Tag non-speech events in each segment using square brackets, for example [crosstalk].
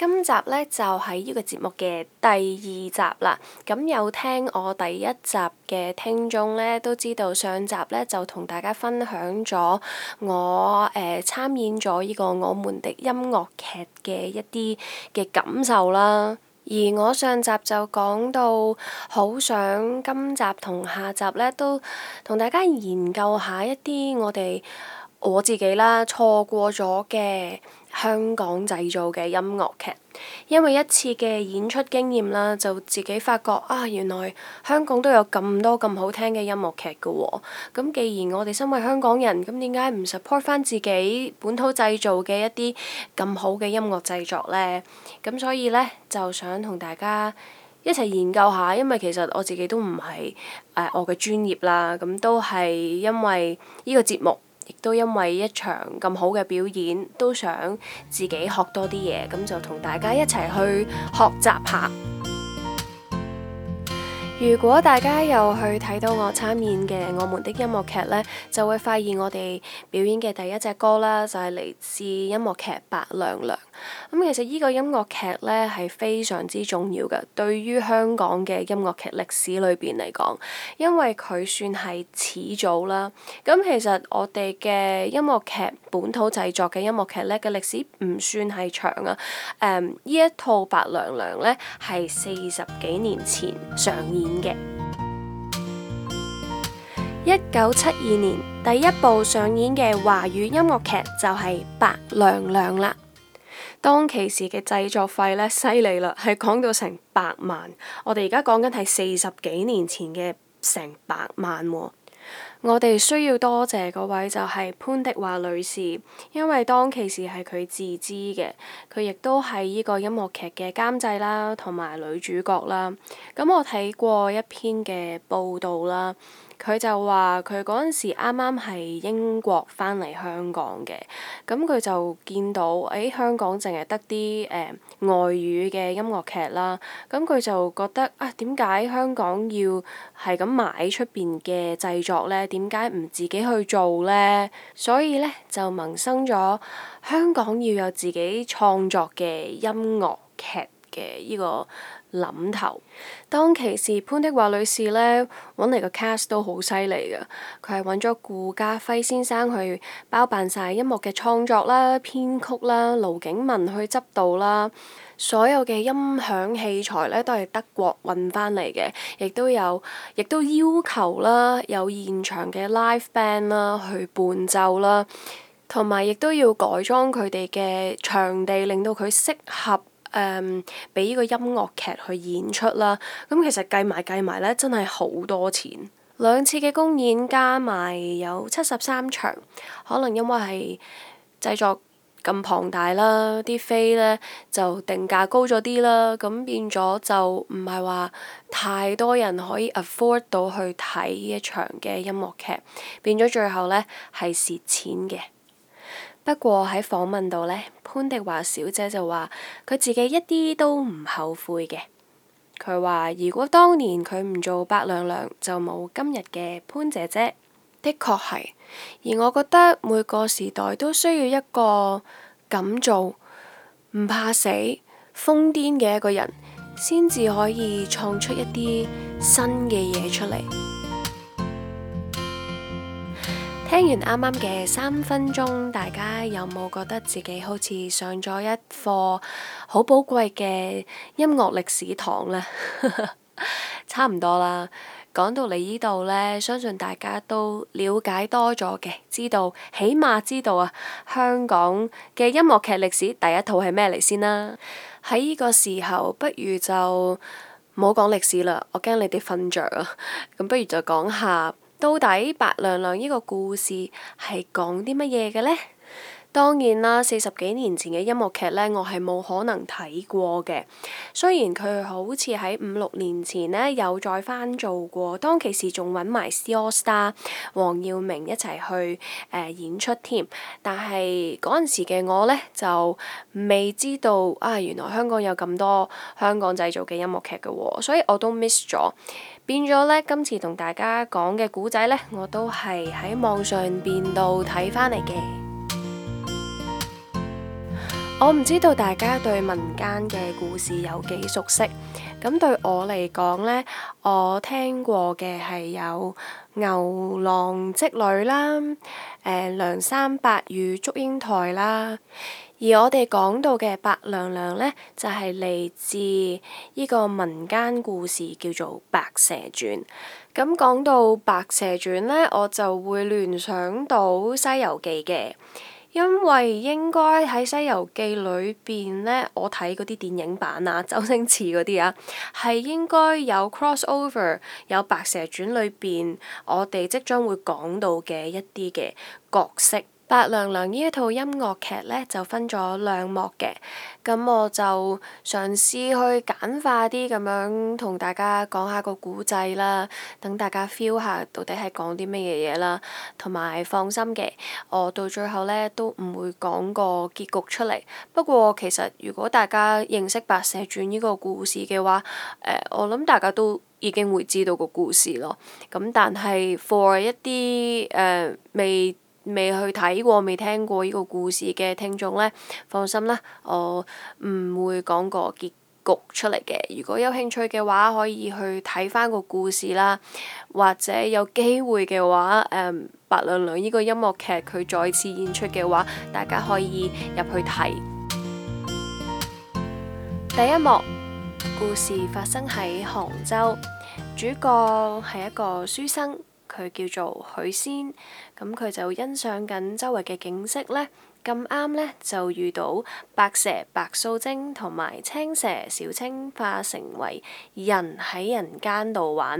今集呢就係呢個節目嘅第二集啦，咁有聽我第一集嘅聽眾呢都知道，上集呢就同大家分享咗我誒，參演咗呢個我們的音樂劇嘅一啲嘅感受啦。而我上集就講到好想今集同下集呢都同大家研究一下一啲我哋。我自己啦，錯過咗嘅香港製造嘅音樂劇，因為一次嘅演出經驗啦，就自己發覺啊，原來香港都有咁多咁好聽嘅音樂劇嘅喎。咁既然我哋身為香港人，咁點解唔 support 翻自己本土製造嘅一啲咁好嘅音樂製作呢？咁所以呢，就想同大家一齊研究下，因為其實我自己都唔係誒我嘅專業啦，咁都係因為呢個節目。亦都因為一場咁好嘅表演，都想自己學多啲嘢，咁就同大家一齊去學習下。如果大家又去睇到我參演嘅《我們的音樂劇》咧，就會發現我哋表演嘅第一隻歌啦，就係嚟自音樂劇《白娘娘》。咁其實呢個音樂劇咧係非常之重要嘅，對於香港嘅音樂劇歷史裏邊嚟講，因為佢算係始祖啦。咁其實我哋嘅音樂劇本土製作嘅音樂劇咧嘅歷史唔算係長啊。誒，呢一套《白娘娘》咧係四十幾年前上演。嘅一九七二年第一部上演嘅華語音樂劇就係《白娘娘》啦。當其時嘅製作費呢，犀利啦，係講到成百萬。我哋而家講緊係四十幾年前嘅成百萬喎。我哋需要多謝嗰位就係潘迪華女士，因為當其時係佢自知嘅，佢亦都係呢個音樂劇嘅監製啦，同埋女主角啦。咁我睇過一篇嘅報道啦。佢就話佢嗰陣時啱啱係英國翻嚟香港嘅，咁佢就見到誒、哎、香港淨係得啲誒外語嘅音樂劇啦，咁佢就覺得啊，點解香港要係咁買出面嘅製作咧？點解唔自己去做咧？所以咧就萌生咗香港要有自己創作嘅音樂劇。嘅依個諗頭，當其時潘迪華女士咧揾嚟個 cast 都好犀利嘅，佢係揾咗顧嘉煇先生去包辦晒音樂嘅創作啦、編曲啦，盧景文去執導啦，所有嘅音響器材咧都係德國運翻嚟嘅，亦都有，亦都要求啦，有現場嘅 live band 啦去伴奏啦，同埋亦都要改裝佢哋嘅場地，令到佢適合。誒，俾呢、um, 個音樂劇去演出啦，咁其實計埋計埋呢，真係好多錢。兩次嘅公演加埋有七十三場，可能因為係製作咁龐大啦，啲飛呢，就定價高咗啲啦，咁變咗就唔係話太多人可以 afford 到去睇呢一場嘅音樂劇，變咗最後呢，係蝕錢嘅。不過喺訪問度呢，潘迪華小姐就話佢自己一啲都唔後悔嘅。佢話如果當年佢唔做白娘娘，就冇今日嘅潘姐姐。的確係，而我覺得每個時代都需要一個咁做唔怕死瘋癲嘅一個人，先至可以創出一啲新嘅嘢出嚟。聽完啱啱嘅三分鐘，大家有冇覺得自己好似上咗一課好寶貴嘅音樂歷史堂呢？ [laughs] 差唔多啦。講到嚟呢度呢，相信大家都了解多咗嘅，知道，起碼知道啊，香港嘅音樂劇歷史第一套係咩嚟先啦。喺呢個時候，不如就唔好講歷史啦，我驚你哋瞓着啊。咁不如就講下。到底《白娘娘》呢個故事係講啲乜嘢嘅咧？當然啦，四十幾年前嘅音樂劇呢，我係冇可能睇過嘅。雖然佢好似喺五六年前呢有再翻做過，當其時仲揾埋 C AllStar 黃耀明一齊去、呃、演出添。但係嗰陣時嘅我呢，就未知道啊，原來香港有咁多香港製造嘅音樂劇嘅喎，所以我都 miss 咗。變咗呢，今次同大家講嘅古仔呢，我都係喺網上邊度睇翻嚟嘅。我唔知道大家對民間嘅故事有幾熟悉，咁對我嚟講呢，我聽過嘅係有牛郎織女啦、呃，梁山伯與祝英台啦、啊，而我哋講到嘅白娘娘呢，就係、是、嚟自呢個民間故事叫做《白蛇傳》。咁講到《白蛇傳》呢，我就會聯想到《西遊記》嘅。因為應該喺《西遊記》裏邊呢，我睇嗰啲電影版啊，周星馳嗰啲啊，係應該有 cross over，有《白蛇傳》裏邊我哋即將會講到嘅一啲嘅角色。白娘娘呢一套音樂劇呢，就分咗兩幕嘅，咁我就嘗試去簡化啲咁樣同大家講下個古仔啦，等大家 feel 下到底係講啲咩嘅嘢啦，同埋放心嘅，我到最後呢，都唔會講個結局出嚟。不過其實如果大家認識白蛇傳呢個故事嘅話，誒、呃、我諗大家都已經會知道個故事咯。咁但係 for 一啲誒、呃、未。未去睇過、未聽過呢個故事嘅聽眾呢，放心啦，我唔會講個結局出嚟嘅。如果有興趣嘅話，可以去睇翻個故事啦，或者有機會嘅話，誒、嗯《白娘子》呢個音樂劇佢再次演出嘅話，大家可以入去睇。第一幕，故事發生喺杭州，主角係一個書生。佢叫做許仙，咁佢就欣賞緊周圍嘅景色呢。咁啱呢，就遇到白蛇白素貞同埋青蛇小青，化成為人喺人間度玩。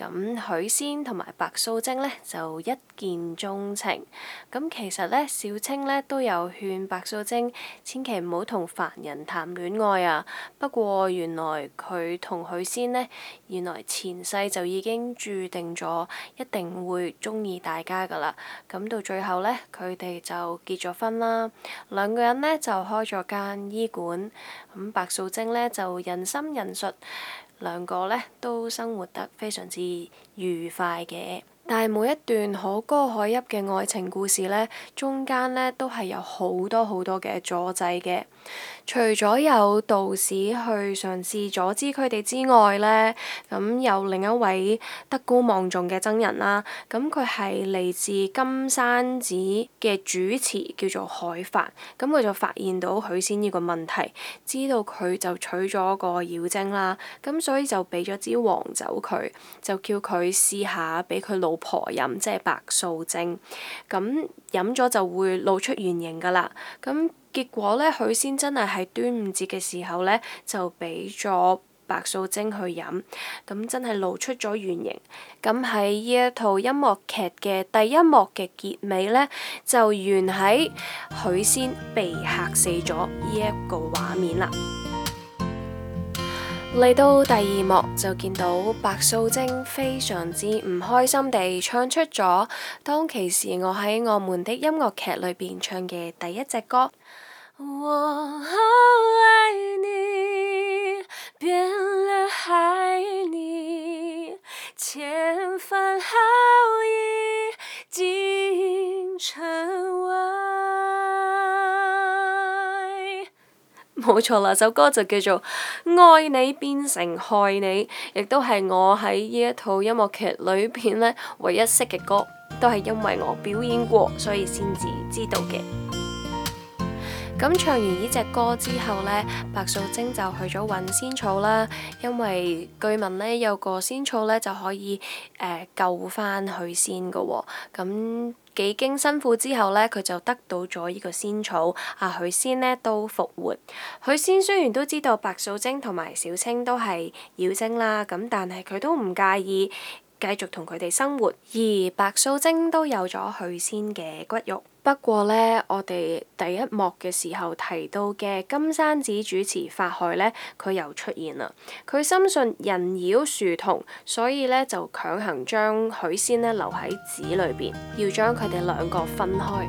咁許仙同埋白素貞咧就一見鐘情，咁其實咧小青咧都有勸白素貞千祈唔好同凡人談戀愛啊。不過原來佢同許仙咧，原來前世就已經注定咗一定會中意大家噶啦。咁到最後咧，佢哋就結咗婚啦，兩個人咧就開咗間醫館，咁白素貞咧就仁心仁術，兩個咧都生活得非常之～愉快嘅。但係每一段可歌可泣嘅愛情故事呢，中間呢都係有好多好多嘅阻滯嘅。除咗有道士去嘗試阻止佢哋之外呢，咁有另一位德高望重嘅僧人啦。咁佢係嚟自金山寺嘅主持，叫做海法。咁佢就發現到許仙呢個問題，知道佢就娶咗個妖精啦。咁所以就俾咗支黃酒佢，就叫佢試下，俾佢老。婆飲即係白素貞，咁飲咗就會露出原形噶啦。咁結果呢，許仙真係喺端午節嘅時候呢，就俾咗白素貞去飲，咁真係露出咗原形。咁喺呢一套音樂劇嘅第一幕嘅結尾呢，就完喺許仙被嚇死咗呢一個畫面啦。嚟到第二幕就見到白素貞非常之唔開心地唱出咗，當其時我喺我們的音樂劇裏邊唱嘅第一隻歌。我愛你，變了海你，千冇錯啦，那首歌就叫做《愛你變成害你》，亦都係我喺呢一套音樂劇裏邊咧唯一識嘅歌，都係因為我表演過，所以先至知道嘅。咁唱完呢隻歌之後呢，白素貞就去咗揾仙草啦，因為據聞呢，有個仙草呢就可以誒、呃、救翻許仙㗎喎。咁幾經辛苦之後呢，佢就得到咗呢個仙草，阿、啊、許仙呢都復活。許仙雖然都知道白素貞同埋小青都係妖精啦，咁但係佢都唔介意。繼續同佢哋生活，而白素貞都有咗許仙嘅骨肉。不過呢，我哋第一幕嘅時候提到嘅金山寺主持法海呢，佢又出現啦。佢深信人妖殊同，所以呢就強行將許仙呢留喺寺裏邊，要將佢哋兩個分開。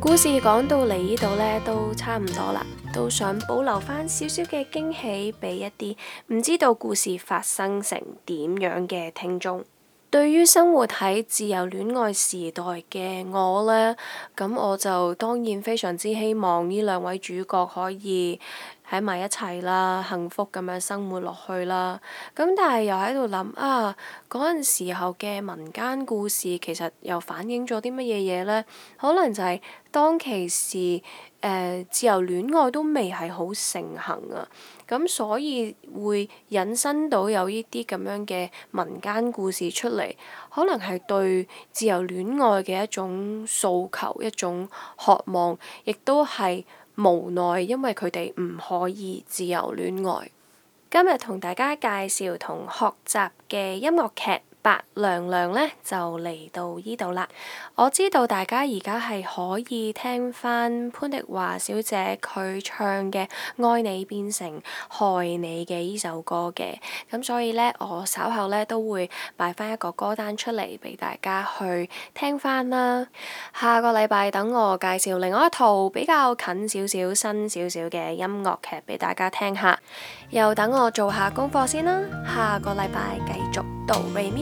故事講到嚟呢度呢，都差唔多啦。都想保留翻少少嘅驚喜俾一啲唔知道故事發生成點樣嘅聽眾。對於生活喺自由戀愛時代嘅我呢，咁我就當然非常之希望呢兩位主角可以。喺埋一齊啦，幸福咁樣生活落去啦。咁但係又喺度諗啊，嗰陣時候嘅民間故事其實又反映咗啲乜嘢嘢呢？可能就係當其時誒、呃、自由戀愛都未係好盛行啊，咁所以會引申到有呢啲咁樣嘅民間故事出嚟，可能係對自由戀愛嘅一種訴求、一種渴望，亦都係。無奈，因為佢哋唔可以自由戀愛。今日同大家介紹同學習嘅音樂劇。白娘娘呢，就嚟到依度啦！我知道大家而家係可以聽翻潘迪華小姐佢唱嘅《愛你變成害你》嘅呢首歌嘅，咁所以呢，我稍後呢，都會擺翻一個歌單出嚟俾大家去聽翻啦。下個禮拜等我介紹另外一套比較近少少、新少少嘅音樂劇俾大家聽下，又等我做下功課先啦。下個禮拜繼續到